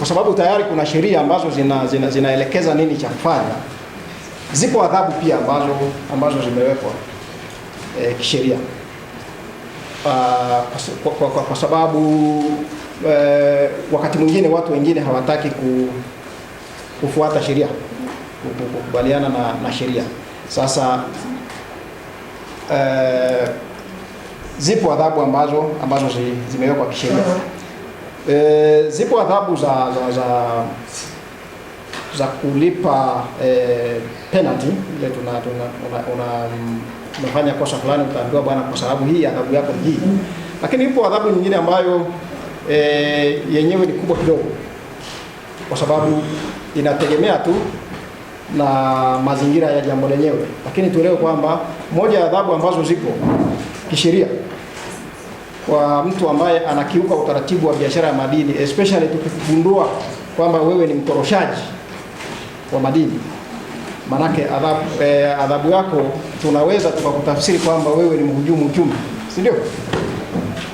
kwa sababu tayari kuna sheria ambazo zina, zina, zinaelekeza nini cha kufanya. Zipo adhabu pia ambazo, ambazo zimewekwa e, kisheria ah, kwa, kwa, kwa, kwa sababu e, wakati mwingine watu wengine hawataki ku, kufuata sheria kukubaliana na, na sheria. Sasa e, zipo adhabu ambazo, ambazo zimewekwa kisheria. E, zipo adhabu za za, za za kulipa e, penalty ile tuna unafanya kosa fulani utaambiwa bwana, kwa sababu hii adhabu yako hii. Lakini ipo adhabu nyingine ambayo e, yenyewe ni kubwa kidogo, kwa sababu inategemea tu na mazingira ya jambo lenyewe. Lakini tuelewe kwamba moja ya adhabu ambazo zipo kisheria kwa mtu ambaye anakiuka utaratibu wa biashara ya madini, especially tukigundua kwamba wewe ni mtoroshaji wa madini, manake adhabu, eh, adhabu yako tunaweza tukakutafsiri kwamba wewe ni mhujumu uchumi, si ndio?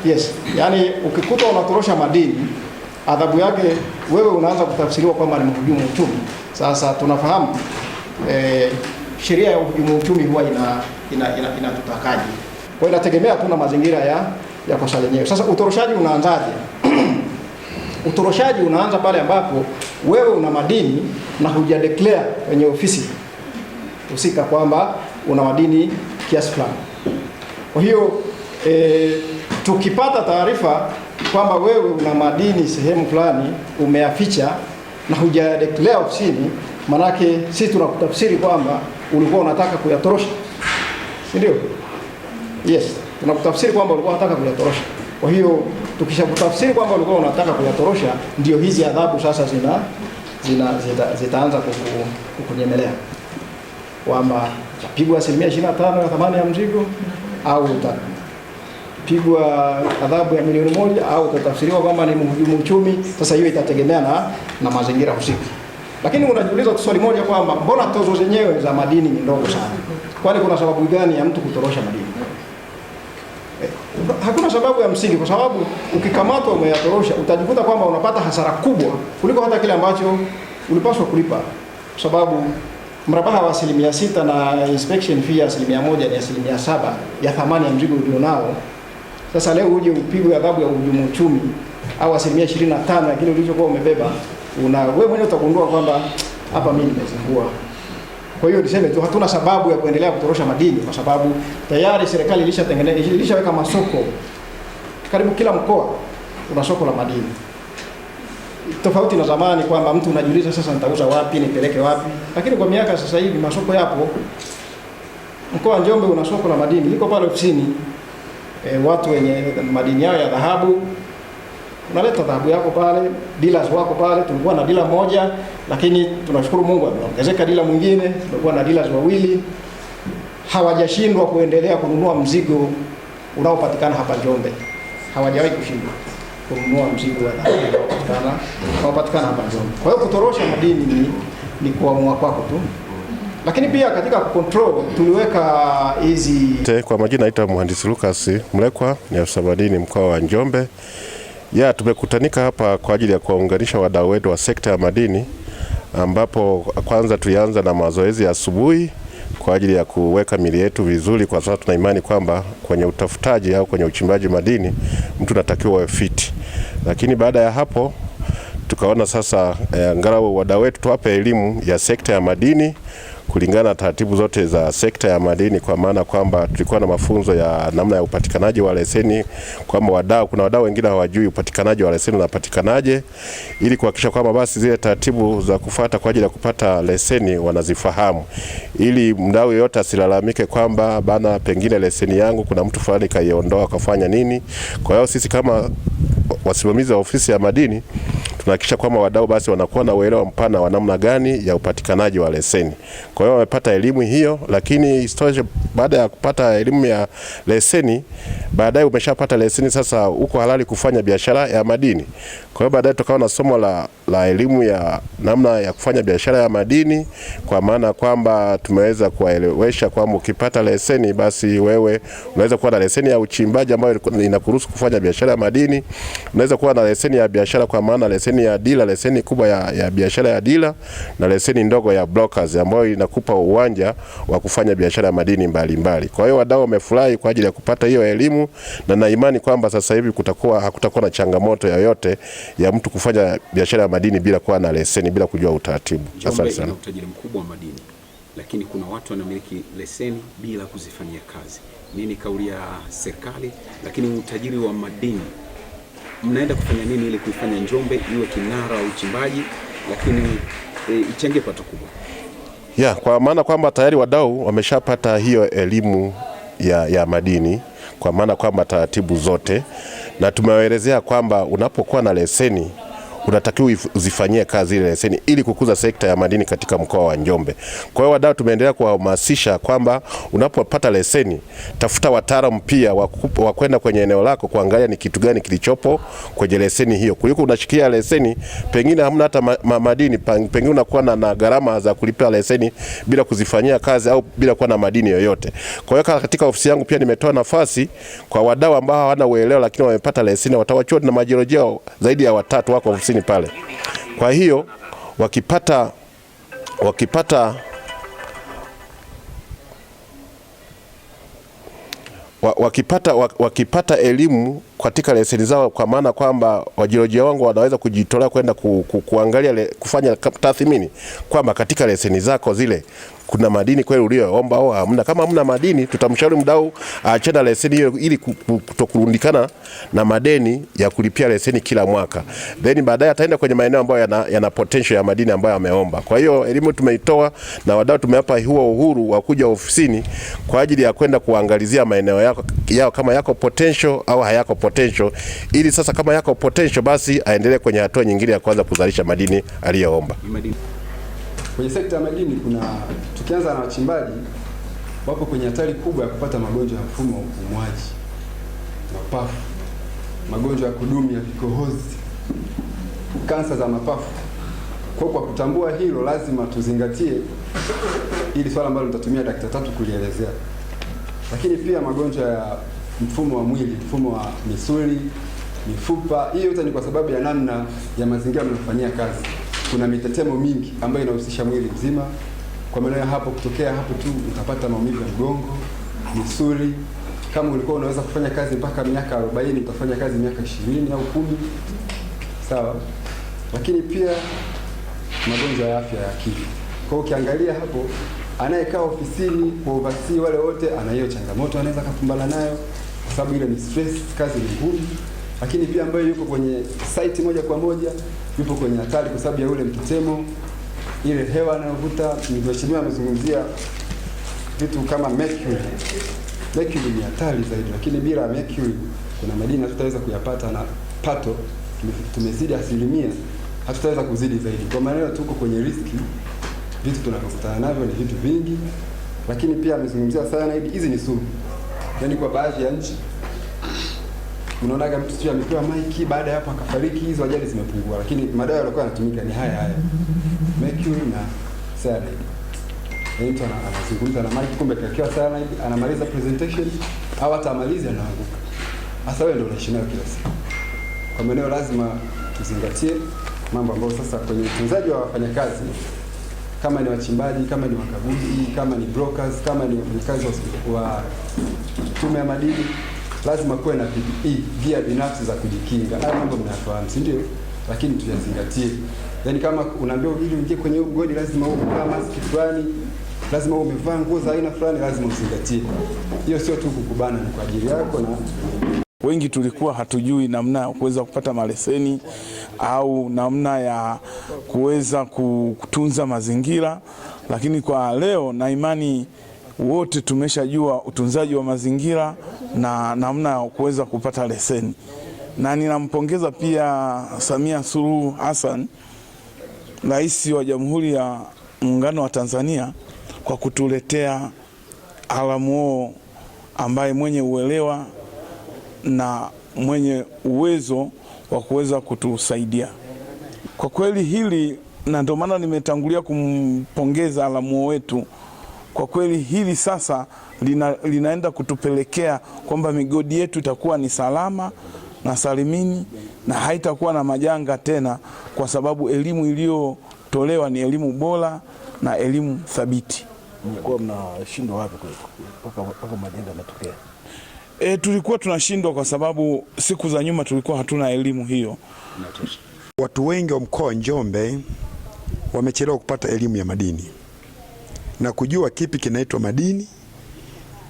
Yes, yani ukikuta unatorosha madini adhabu yake wewe unaanza kutafsiriwa kwamba ni mhujumu uchumi. Sasa tunafahamu eh, sheria ya uhujumu uchumi huwa ina inatutakaje? Ina, ina kwa inategemea tu na mazingira ya ya kosa lenyewe. Sasa utoroshaji unaanzaje? Utoroshaji unaanza pale ambapo wewe una madini na huja declare kwenye ofisi husika kwamba una madini kiasi fulani. Kwa hiyo e, tukipata taarifa kwamba wewe una madini sehemu fulani umeyaficha na huja declare ofisini, manake sisi tunakutafsiri kwamba ulikuwa unataka kuyatorosha, si ndio? Yes tunakutafsiri kwamba ulikuwa unataka kuyatorosha. Kwa hiyo tukishakutafsiri kwamba ulikuwa unataka kuyatorosha, ndio hizi adhabu sasa zina, zina zitaanza zita, kukunyemelea kwamba utapigwa asilimia ishirini na tano ya thamani ya mzigo au utapigwa adhabu ya milioni moja au utatafsiriwa kwamba ni mhujumu uchumi. Sasa hiyo itategemea na, na mazingira husika, lakini unajiuliza swali moja kwamba mbona tozo zenyewe za madini ni ndogo sana? Kwani kuna sababu gani ya mtu kutorosha madini? Eh, hakuna sababu ya msingi, kwa sababu ukikamatwa umeyatorosha utajikuta kwamba unapata hasara kubwa kuliko hata kile ambacho ulipaswa kulipa, kwa sababu mrabaha wa asilimia sita na inspection fee ya asilimia moja ni asilimia saba ya thamani ya mzigo ulionao. Sasa leo uje upigwe adhabu ya uhujumu uchumi au asilimia ishirini na tano ya kile ulichokuwa umebeba, una wewe mwenyewe utagundua kwamba hapa mimi nimezingua. Kwa hiyo niseme tu hatuna sababu ya kuendelea kutorosha madini kwa sababu tayari serikali ilishatengeneza ilishaweka masoko. Karibu kila mkoa una soko la madini. Tofauti na zamani kwamba mtu unajiuliza sasa nitauza wapi, nipeleke wapi? Lakini kwa miaka sasa hivi masoko yapo. Mkoa wa Njombe una soko la madini, liko pale ofisini. E, watu wenye madini yao ya dhahabu unaleta dhahabu yako pale, dealers wako pale. Tulikuwa na dealer moja lakini tunashukuru Mungu ameongezeka dila mwingine, tumekuwa na dila wawili hawajashindwa kuendelea kununua mzigo unaopatikana hapa Njombe, hawajawahi kushindwa kununua mzigo wa unaopatikana hapa Njombe. Kwa hiyo kutorosha madini ni, ni kuamua kwako tu, lakini pia katika control tuliweka hizi. Kwa majina naitwa mhandisi Lucas Mlekwa, ni afisa madini mkoa wa Njombe. Ya tumekutanika hapa kwa ajili ya kuwaunganisha wadau wetu wa sekta ya madini ambapo kwanza tulianza na mazoezi ya asubuhi kwa ajili ya kuweka mili yetu vizuri, kwa sababu tuna imani kwamba kwenye utafutaji au kwenye uchimbaji madini mtu anatakiwa awe fiti, lakini baada ya hapo tukaona sasa eh, angalau wada wetu tuwape elimu ya sekta ya madini kulingana na taratibu zote za sekta ya madini, kwa maana kwamba tulikuwa na mafunzo ya namna ya upatikanaji wa leseni, kwamba wadau, kuna wadau wengine hawajui upatikanaji wa leseni unapatikanaje, ili kuhakikisha kwamba basi zile taratibu za kufata kwa ajili ya kupata leseni wanazifahamu, ili mdau yeyote asilalamike kwamba bana, pengine leseni yangu kuna mtu fulani kaiondoa kafanya nini. Kwa hiyo sisi kama wasimamizi wa ofisi ya madini tunahakikisha kwamba wadau basi wanakuwa na uelewa mpana wa namna gani ya upatikanaji wa leseni. Kwa hiyo wamepata elimu hiyo, lakini isitoshe, baada ya kupata elimu ya leseni, baadaye umeshapata leseni, sasa uko halali kufanya biashara ya madini. Kwa hiyo baadaye tukawa na somo la, la elimu ya namna ya kufanya biashara ya madini, kwa maana kwamba tumeweza kuwaelewesha kwamba ukipata leseni basi wewe unaweza kuwa na leseni ya uchimbaji ambayo inakuruhusu kufanya biashara ya madini, unaweza kuwa na leseni ya biashara, kwa maana leseni ya dila, leseni kubwa ya, ya biashara ya dila na leseni ndogo ya brokers ambayo inakupa uwanja wa kufanya biashara ya madini mbalimbali mbali. Kwa hiyo wadau wamefurahi kwa ajili ya kupata hiyo elimu na na imani kwamba sasa hivi kutakuwa hakutakuwa na changamoto yoyote ya mtu kufanya biashara ya madini bila kuwa na leseni, bila kujua utaratibu. Asante sana. Utajiri mkubwa wa madini, lakini kuna watu wanamiliki leseni bila kuzifanyia kazi. Nini kauli ya serikali? Lakini utajiri wa madini mnaenda kufanya nini ili kuifanya Njombe iwe kinara wa uchimbaji, lakini e, eh, ichenge pato kubwa? Ya, kwa maana kwamba tayari wadau wameshapata hiyo elimu ya, ya madini kwa maana kwamba taratibu zote na tumewaelezea kwamba unapokuwa na leseni unatakiwa uzifanyie kazi ile leseni ili kukuza sekta ya madini katika mkoa wa Njombe. Kwa hiyo wadau, tumeendelea kuhamasisha kwamba unapopata leseni, tafuta wataalamu pia wa kwenda kwenye eneo lako kuangalia ni kitu gani kilichopo kwenye leseni hiyo, kuliko unashikia leseni pengine hamna hata ma, ma, madini pengine unakuwa na, na gharama za kulipa leseni bila kuzifanyia kazi au bila kuwa na madini yoyote. Kwa hiyo katika ofisi yangu pia nimetoa nafasi kwa wadau ambao hawana uelewa lakini wamepata leseni, watawachua na majirojeo zaidi ya watatu wako ofisini ofisini pale. Kwa hiyo wakipata, wakipata, wakipata, wakipata elimu katika leseni zao, kwa maana kwamba wajiolojia wangu wanaweza kujitolea kwenda ku, ku, kuangalia le, kufanya tathmini kwamba katika leseni zako zile kuna madini kweli uliyoomba au hamna. Kama hamna madini, tutamshauri mdau achana leseni hiyo ili kutokurundikana na madeni ya kulipia leseni kila mwaka, then baadaye ataenda kwenye maeneo ambayo yana, yana potential ya madini ambayo ameomba. Kwa hiyo elimu tumeitoa na wadau tumewapa huo uhuru wa kuja ofisini kwa ajili ya kwenda kuangalizia maeneo yao, yao kama yako potential au hayako potential, ili sasa kama yako potential, basi aendelee kwenye hatua nyingine ya kwanza kuzalisha madini aliyoomba. Kwenye sekta ya madini kuna, tukianza na wachimbaji, wapo kwenye hatari kubwa ya kupata magonjwa ya mfumo wa upumuaji mapafu, magonjwa ya kudumu ya vikohozi, kansa za mapafu. Kwa kwa kutambua hilo, lazima tuzingatie ili swala ambalo nitatumia dakika tatu kulielezea, lakini pia magonjwa ya mfumo wa mwili, mfumo wa misuli, mifupa. Hiyo yote ni kwa sababu ya namna ya mazingira mnayofanyia kazi kuna mitetemo mingi ambayo inahusisha mwili mzima. Kwa maana ya hapo, kutokea hapo tu utapata maumivu ya mgongo, misuli. Kama ulikuwa unaweza kufanya kazi mpaka miaka 40 utafanya kazi miaka 20 au kumi, sawa. Lakini pia magonjwa ya afya ya akili. Kwa hiyo ukiangalia hapo, anayekaa ofisini kwa ubasi wale wote, ana hiyo changamoto, anaweza kukumbana nayo kwa sababu ile ni stress, kazi ni ngumu, lakini pia ambaye yuko kwenye site moja kwa moja yupo kwenye hatari kwa sababu ya ule mtetemo, ile hewa anayovuta. Mheshimiwa amezungumzia vitu kama mercury. Mercury ni hatari zaidi, lakini bila mercury kuna madini tutaweza kuyapata na pato tumezidi asilimia, hatutaweza kuzidi zaidi. Kwa maana tuko kwenye riski, vitu tunavyokutana navyo ni vitu vingi, lakini pia amezungumzia cyanide. Hizi ni sumu, yaani kwa baadhi ya nchi unaona kama mtu alipewa maiki, baada ya hapo akafariki, hizo ajali zimepungua, lakini madawa yalikuwa yanatumika ni haya haya, mercury na cyanide. Mtu anazungumza na maiki, kumbe kakiwa cyanide, anamaliza presentation au hata amalize, anaanguka. Sasa wewe ndio unaishi nayo kila siku. Kwa maana lazima tuzingatie mambo ambayo sasa kwenye utunzaji wa wafanyakazi kama ni wachimbaji, kama ni wakaguzi, kama ni brokers, kama ni wafanyakazi wa tume ya madini lazima kuwe na PPE, gia binafsi za kujikinga. Hayo mambo mnayafahamu, si ndio? Lakini tuyazingatie. Yaani kama unaambiwa ili uingie kwenye huo mgodi lazima na maski fulani, lazima umevaa nguo za aina fulani, lazima uzingatie. Hiyo sio tu kukubana, ni kwa ajili yako na wengi tulikuwa hatujui namna ya kuweza kupata maleseni au namna ya kuweza kutunza mazingira, lakini kwa leo na imani wote tumeshajua utunzaji wa mazingira na namna ya kuweza kupata leseni, na ninampongeza pia Samia Suluhu Hassan, Rais wa Jamhuri ya Muungano wa Tanzania kwa kutuletea alamuo ambaye mwenye uelewa na mwenye uwezo wa kuweza kutusaidia kwa kweli hili, na ndio maana nimetangulia kumpongeza alamuo wetu kwa kweli hili sasa lina, linaenda kutupelekea kwamba migodi yetu itakuwa ni salama na salimini na haitakuwa na majanga tena, kwa sababu elimu iliyotolewa ni elimu bora na elimu thabiti. Mlikuwa mnashindwa wapi mpaka majanga yanatokea? E, tulikuwa tunashindwa kwa sababu siku za nyuma tulikuwa hatuna elimu hiyo. Watu wengi wa mkoa wa Njombe wamechelewa kupata elimu ya madini na kujua kipi kinaitwa madini,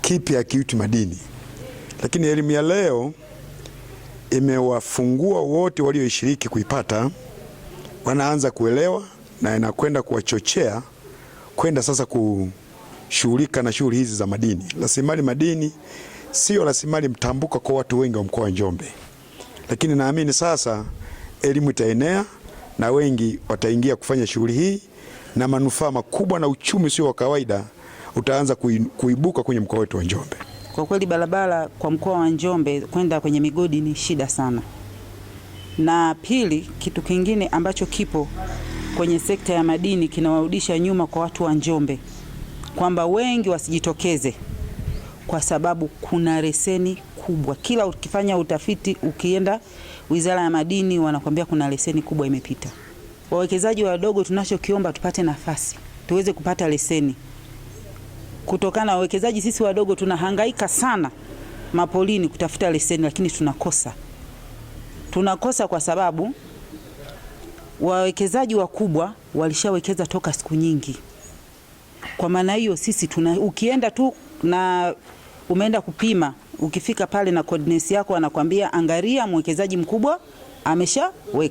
kipi hakiitwi madini. Lakini elimu ya leo imewafungua wote walioishiriki kuipata, wanaanza kuelewa na inakwenda kuwachochea kwenda sasa kushughulika na shughuli hizi za madini. Rasilimali madini sio rasilimali mtambuka kwa watu wengi wa mkoa wa Njombe, lakini naamini sasa elimu itaenea na wengi wataingia kufanya shughuli hii na manufaa makubwa na uchumi sio wa kawaida utaanza kuibuka kwenye mkoa wetu wa Njombe. Kwa kweli barabara kwa mkoa wa Njombe kwenda kwenye migodi ni shida sana. Na pili, kitu kingine ambacho kipo kwenye sekta ya madini kinawarudisha nyuma kwa watu wa Njombe, kwamba wengi wasijitokeze kwa sababu kuna leseni kubwa. Kila ukifanya utafiti, ukienda Wizara ya Madini wanakuambia kuna leseni kubwa imepita wawekezaji wadogo tunachokiomba tupate nafasi tuweze kupata leseni, kutokana na wawekezaji sisi wadogo tunahangaika sana mapolini kutafuta leseni, lakini tunakosa tunakosa kwa sababu wawekezaji wakubwa walishawekeza toka siku nyingi. Kwa maana hiyo sisi tuna, ukienda tu na umeenda kupima, ukifika pale na coordinates yako anakwambia angalia mwekezaji mkubwa ameshaweka